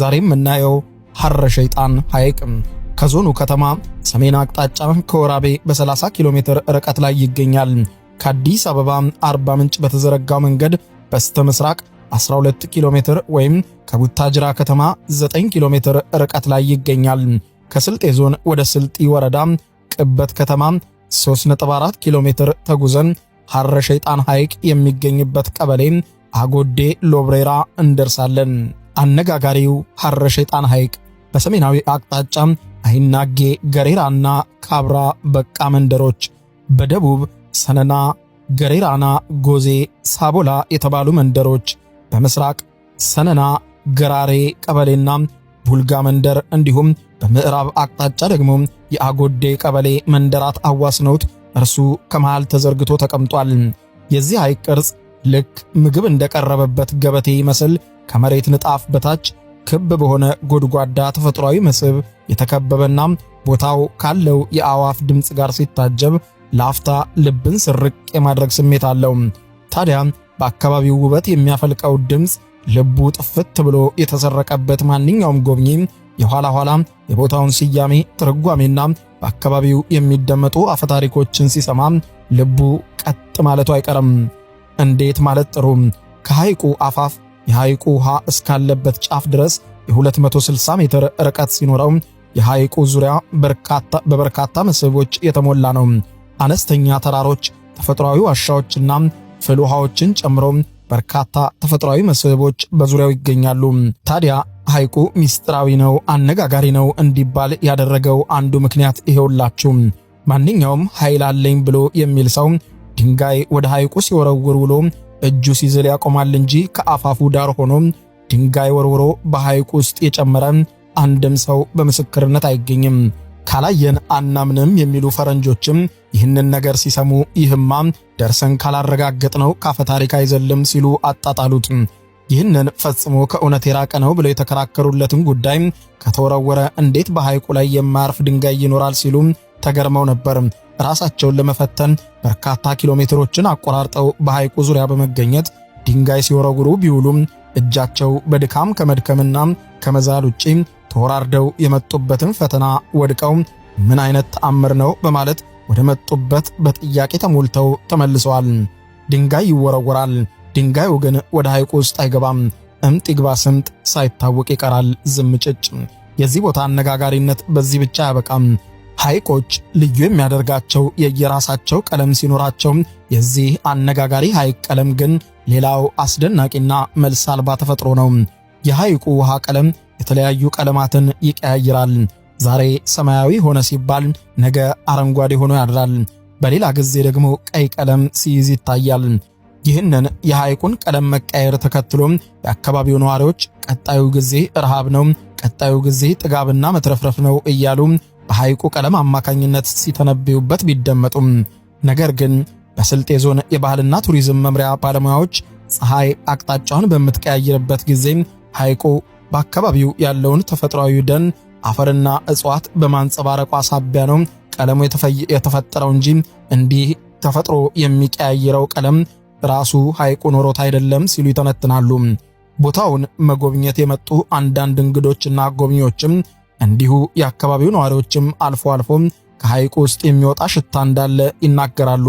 ዛሬ የምናየው ሐረ ሸይጣን ሐይቅ ከዞኑ ከተማ ሰሜን አቅጣጫ ከወራቤ በ30 ኪሎ ሜትር ርቀት ላይ ይገኛል። ከአዲስ አበባ አርባ ምንጭ በተዘረጋው መንገድ በስተ ምስራቅ 12 ኪሎ ሜትር ወይም ከቡታጅራ ከተማ 9 ኪሎ ሜትር ርቀት ላይ ይገኛል። ከስልጤ ዞን ወደ ስልጢ ወረዳ ቅበት ከተማ 3.4 ኪሎ ሜትር ተጉዘን ሐረ ሸይጣን ሐይቅ የሚገኝበት ቀበሌ አጎዴ ሎብሬራ እንደርሳለን። አነጋጋሪው ሐረ ሸይጣን ሐይቅ በሰሜናዊ አቅጣጫ አይናጌ ገሬራና ካብራ በቃ መንደሮች፣ በደቡብ ሰነና ገሬራና ጎዜ ሳቦላ የተባሉ መንደሮች፣ በምስራቅ ሰነና ገራሬ ቀበሌና ቡልጋ መንደር እንዲሁም በምዕራብ አቅጣጫ ደግሞ የአጎዴ ቀበሌ መንደራት አዋስነውት እርሱ ከመሃል ተዘርግቶ ተቀምጧል። የዚህ ሐይቅ ቅርጽ ልክ ምግብ እንደቀረበበት ገበቴ ይመስል ከመሬት ንጣፍ በታች ክብ በሆነ ጎድጓዳ ተፈጥሯዊ መስህብ የተከበበና ቦታው ካለው የአዋፍ ድምፅ ጋር ሲታጀብ ለአፍታ ልብን ስርቅ የማድረግ ስሜት አለው። ታዲያ በአካባቢው ውበት የሚያፈልቀው ድምፅ ልቡ ጥፍት ብሎ የተሰረቀበት ማንኛውም ጎብኚ የኋላ ኋላ የቦታውን ስያሜ ትርጓሜና በአካባቢው የሚደመጡ አፈታሪኮችን ሲሰማ ልቡ ቀጥ ማለቱ አይቀርም። እንዴት ማለት ጥሩ ከሐይቁ አፋፍ የሐይቁ ውሃ እስካለበት ጫፍ ድረስ የ260 ሜትር ርቀት ሲኖረው የሐይቁ ዙሪያ በበርካታ መስህቦች የተሞላ ነው። አነስተኛ ተራሮች፣ ተፈጥሯዊ ዋሻዎችና ፍል ውሃዎችን ጨምሮ በርካታ ተፈጥሯዊ መስህቦች በዙሪያው ይገኛሉ። ታዲያ ሐይቁ ሚስጥራዊ ነው፣ አነጋጋሪ ነው እንዲባል ያደረገው አንዱ ምክንያት ይሄውላችሁ። ማንኛውም ኃይል አለኝ ብሎ የሚል ሰው ድንጋይ ወደ ሐይቁ ሲወረውር ውሎ እጁ ሲዝል ያቆማል እንጂ ከአፋፉ ዳር ሆኖ ድንጋይ ወርውሮ በሐይቁ ውስጥ የጨመረ አንድም ሰው በምስክርነት አይገኝም። ካላየን አናምንም የሚሉ ፈረንጆችም ይህንን ነገር ሲሰሙ ይህማ ደርሰን ካላረጋገጥ ነው ካፈ ታሪክ አይዘልም ሲሉ አጣጣሉት። ይህንን ፈጽሞ ከእውነት የራቀ ነው ብለው የተከራከሩለትን ጉዳይ ከተወረወረ እንዴት በሐይቁ ላይ የማያርፍ ድንጋይ ይኖራል ሲሉ ተገርመው ነበር። ራሳቸውን ለመፈተን በርካታ ኪሎ ሜትሮችን አቆራርጠው በሐይቁ ዙሪያ በመገኘት ድንጋይ ሲወረውሩ ቢውሉም እጃቸው በድካም ከመድከምና ከመዛል ውጪ ተወራርደው የመጡበትን ፈተና ወድቀው ምን አይነት ተአምር ነው በማለት ወደ መጡበት በጥያቄ ተሞልተው ተመልሰዋል። ድንጋይ ይወረወራል። ድንጋዩ ግን ወደ ሐይቁ ውስጥ አይገባም። እምጥ ይግባ ስምጥ ሳይታወቅ ይቀራል ዝምጭጭ። የዚህ ቦታ አነጋጋሪነት በዚህ ብቻ አያበቃም። ሐይቆች ልዩ የሚያደርጋቸው የየራሳቸው ቀለም ሲኖራቸው የዚህ አነጋጋሪ ሐይቅ ቀለም ግን ሌላው አስደናቂና መልስ አልባ ተፈጥሮ ነው። የሐይቁ ውሃ ቀለም የተለያዩ ቀለማትን ይቀያይራል። ዛሬ ሰማያዊ ሆነ ሲባል ነገ አረንጓዴ ሆኖ ያድራል። በሌላ ጊዜ ደግሞ ቀይ ቀለም ሲይዝ ይታያል። ይህንን የሐይቁን ቀለም መቀየር ተከትሎ የአካባቢው ነዋሪዎች ቀጣዩ ጊዜ ረሃብ ነው፣ ቀጣዩ ጊዜ ጥጋብና መትረፍረፍ ነው እያሉ በሐይቁ ቀለም አማካኝነት ሲተነብዩበት ቢደመጡም ነገር ግን በስልጤ ዞን የባህልና ቱሪዝም መምሪያ ባለሙያዎች ፀሐይ አቅጣጫውን በምትቀያይርበት ጊዜ ሐይቁ በአካባቢው ያለውን ተፈጥሯዊ ደን አፈርና እጽዋት በማንጸባረቋ ሳቢያ ነው ቀለሙ የተፈጠረው እንጂ እንዲህ ተፈጥሮ የሚቀያይረው ቀለም ራሱ ሐይቁ ኖሮት አይደለም ሲሉ ይተነትናሉ። ቦታውን መጎብኘት የመጡ አንዳንድ እንግዶችና ጎብኚዎችም እንዲሁ የአካባቢው ነዋሪዎችም አልፎ አልፎም ከሐይቁ ውስጥ የሚወጣ ሽታ እንዳለ ይናገራሉ።